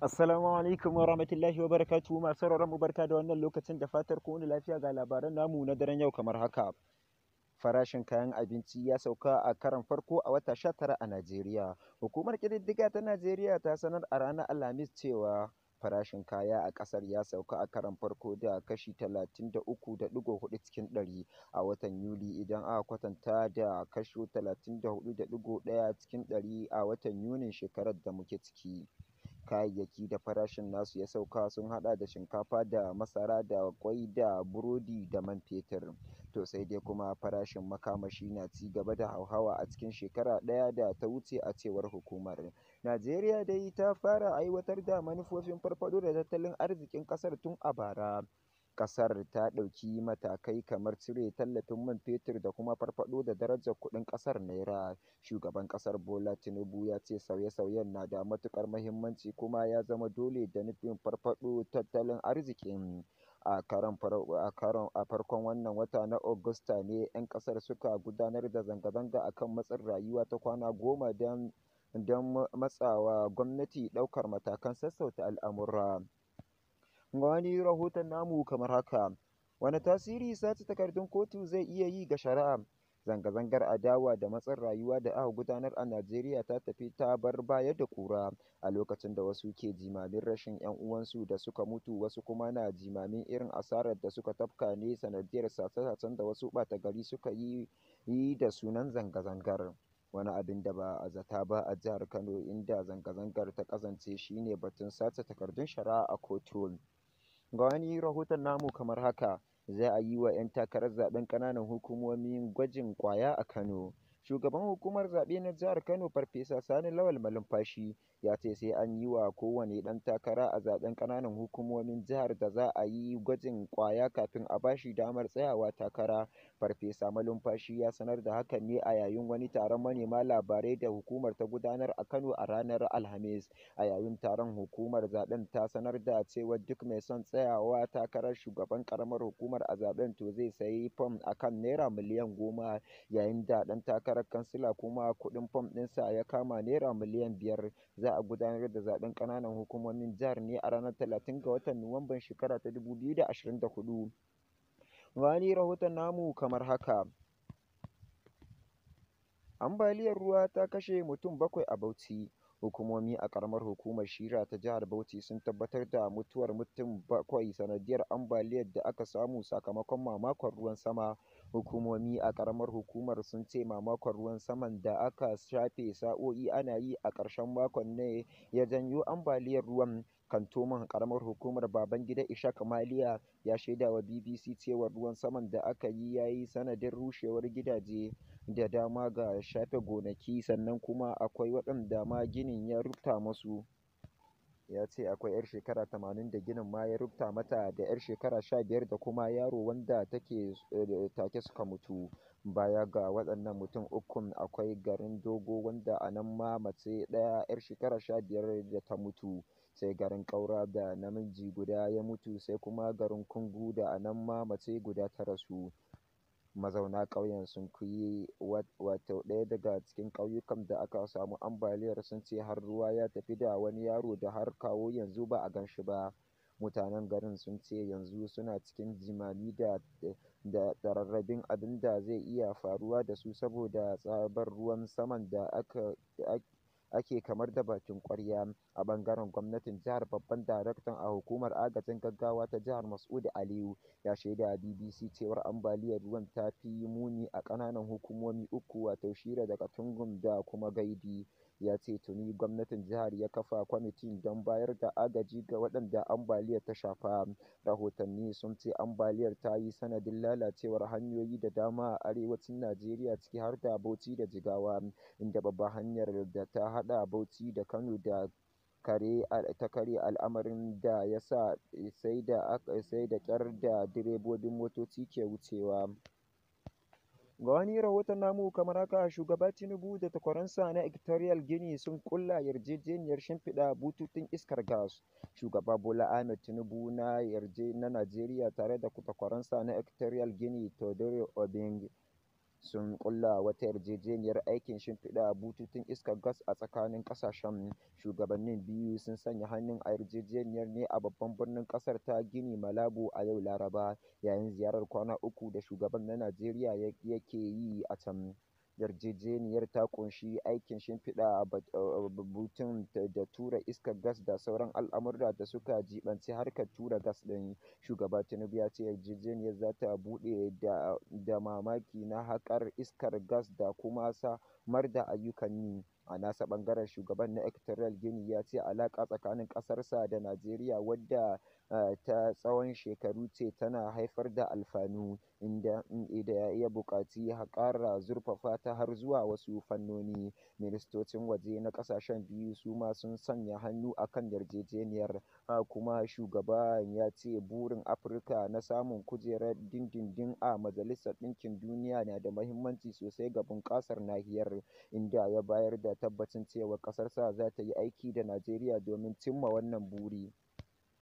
Assalamu alaikum wa rahmatullahi wa barakatuhu masu mu barka da wannan lokacin da fatar ku lafiya ga labaran namu na daren yau kamar haka. Farashin kayan abinci ya sauka a karan farko a wata tara a Najeriya. Hukumar ƙididdiga ta Najeriya ta sanar a ranar Alhamis cewa farashin kaya a ƙasar ya sauka a karan farko da kashi talatin da da uku hudu cikin ɗari a watan Yuli idan aka kwatanta da kashi talatin da da ɗaya cikin ɗari a watan Yunin shekarar da muke ciki. kayayyaki da farashin nasu ya sauka sun haɗa da shinkafa da masara da kwai da burodi da man fetur. To sai dai kuma farashin makamashi na ci gaba da hauhawa a cikin shekara ɗaya da ta wuce a cewar hukumar. Najeriya dai ta fara aiwatar da manufofin farfado da tattalin arzikin ƙasar tun a bara. Ƙasar ta ɗauki matakai kamar cire tallafin man fetur da kuma farfaɗo da darajar kuɗin ƙasar naira, Shugaban ƙasar Bola Tinubu ya ce sauye-sauyen na da matuƙar muhimmanci kuma ya zama dole da nufin farfaɗo tattalin arzikin. A farkon wannan wata na Agusta ne 'yan ƙasar suka gudanar da zanga-zanga akan kan matsin rayuwa ta kwana goma don matsawa gwamnati ɗaukar matakan sassauta al'amura. Wani rahoton namu kamar haka: wani tasiri sace takardun kotu zai iya yi ga shari'a? Zanga-zangar adawa da matsin rayuwa da aka gudanar a Najeriya ta tafi ta bar baya da kura a lokacin da wasu ke jimamin rashin 'yan uwansu da suka mutu wasu kuma na jimamin irin asarar da suka tafka ne sanadiyar sace-sacen da wasu bata gari suka yi da sunan zanga-zangar. Wani abin da ba a zata ba a Jihar Kano, inda zanga-zangar ta kazance shine batun sace takardun shari'a a kotu. Ga wani rahoton namu kamar haka: Za a yi wa 'yan takarar zaben kananan hukumomin gwajin kwaya a Kano Shugaban Hukumar Zaɓe na Jihar Kano Farfesa Sani Lawal Malumfashi ya ce sai an yi wa kowane ɗan takara a zaɓen ƙananan hukumomin jihar da za a yi gwajin ƙwaya kafin a bashi damar tsayawa takara. Farfesa Malumfashi ya sanar da hakan ne a yayin wani taron manema labarai da hukumar ta gudanar a Kano a ranar Alhamis. A yayin taron hukumar zaɓen ta sanar da cewa duk mai son tsayawa takarar shugaban ƙaramar hukumar a zaɓen to zai sayi fom akan naira miliyan goma yayin da ɗan takara. takarar kansila kuma kuɗin fam ɗinsa ya kama naira miliyan biyar, za a gudanar da zaɓen ƙananan hukumomin jihar ne a ranar talatin ga watan Nuwamban shekara ta 2024. Wani rahoton namu kamar haka. Ambaliyar ruwa ta kashe mutum bakwai a Bauchi. Hukumomi a Karamar Hukumar Shira ta Jihar Bauchi sun tabbatar da mutuwar mutum bakwai sanadiyar ambaliyar da aka samu sakamakon mamakon ruwan sama. Hukumomi a Karamar Hukumar sun ce mamakon ruwan saman da aka shafe sa'o'i ana yi a ƙarshen makon ne ya janyo ambaliyar ruwan. Kantoman karamar Hukumar Babangida Ishaq Maliya ya shaida wa BBC cewa ruwan saman da aka yi yayi sanadin rushewar gidaje da dama ga shafe gonaki sannan kuma akwai waɗanda ma ginin ya rufta musu. ya ce akwai 'yar shekara 80 da ginin ma ya rubta mata da 'yar shekara 15 da kuma yaro wanda take eh, take suka mutu baya ga waɗannan mutum ukun akwai garin dogo wanda a nan ma mace ɗaya 'yar shekara 15 da ta mutu sai garin Kaura da namiji guda ya mutu sai kuma garin Kungu da a nan ma mace guda ta rasu. Mazauna ƙauyen sun kuyi wato ɗaya daga cikin ƙauyukan da aka samu ambaliyar sun ce har ruwa ya tafi da wani yaro da har kawo yanzu ba a gan shi ba. Mutanen garin sun ce yanzu suna cikin jimami da da rarrabin abin da zai iya faruwa da su saboda tsabar ruwan saman da aka ake kamar da bakin kwarya a bangaren gwamnatin jihar babban daraktan a hukumar agajin gaggawa ta jihar mas'ud aliyu ya shaida a bbc cewar ambaliyar ruwan ta fi muni a ƙananan hukumomi uku wato shira da katungun da kuma gaidi ya ce tuni gwamnatin jihar ya kafa kwamitin don bayar da agaji ga waɗanda ambaliyar ta shafa rahotanni sun ce ambaliyar ta yi sanadin lalacewar hanyoyi da dama a arewacin najeriya ciki har da bauchi da jigawa inda babban hanyar da ta haɗa bauchi da kano da kare ta kare al'amarin da ya sa sai da kyar da direbobin motoci ke wucewa Ga wani rahoton namu kamar haka shugaba Tinubu da takwaransa na Equatorial Guinea sun kulla yarjejeniyar shimfiɗa bututun iskar gas. Shugaba Bola Ahmed Tinubu na yarje na Najeriya tare da takwaransa na Equatorial Guinea Teodoro Obiang sun kulla wata yarjejeniyar aikin shimfiɗa bututun iskar gas a tsakanin ƙasashen. Shugabannin biyu sun sanya hannu a yarjejeniyar ne a babban birnin ƙasar ta Gini, Malabo, a yau Laraba, yayin ziyarar kwana uku da shugaban na Najeriya yake yi a can. Yarjejeniyar ta kunshi aikin shimfiɗa eh, eh, butun da tura iskar gas da sauran al'amurra da suka jibanci harkar tura gas ɗin. Shugaba Tinubu ya ce yarjejeniyar za ta da mamaki na haƙar iskar gas da kuma samar da ayyukan yi. A nasa ɓangaren shugaban na Equatorial Guinea ya ce alaka tsakanin ƙasarsa da Najeriya wadda eh, ta tsawon shekaru ce tana haifar da alfanu, inda ya iya buƙaci ƙara zurfafa ta har zuwa wasu fannoni. Ministocin waje na kasashen biyu su ma sun sanya hannu akan yarjejeniyar. a kuma, shugaban ya ce burin Afirka na samun kujerar dindindin a Majalisar Ɗinkin Duniya na da mahimmanci sosai ga bunƙasar nahiyar, inda ya bayar da tabbacin cewa ƙasarsa za ta yi aiki da Najeriya domin cimma wannan buri.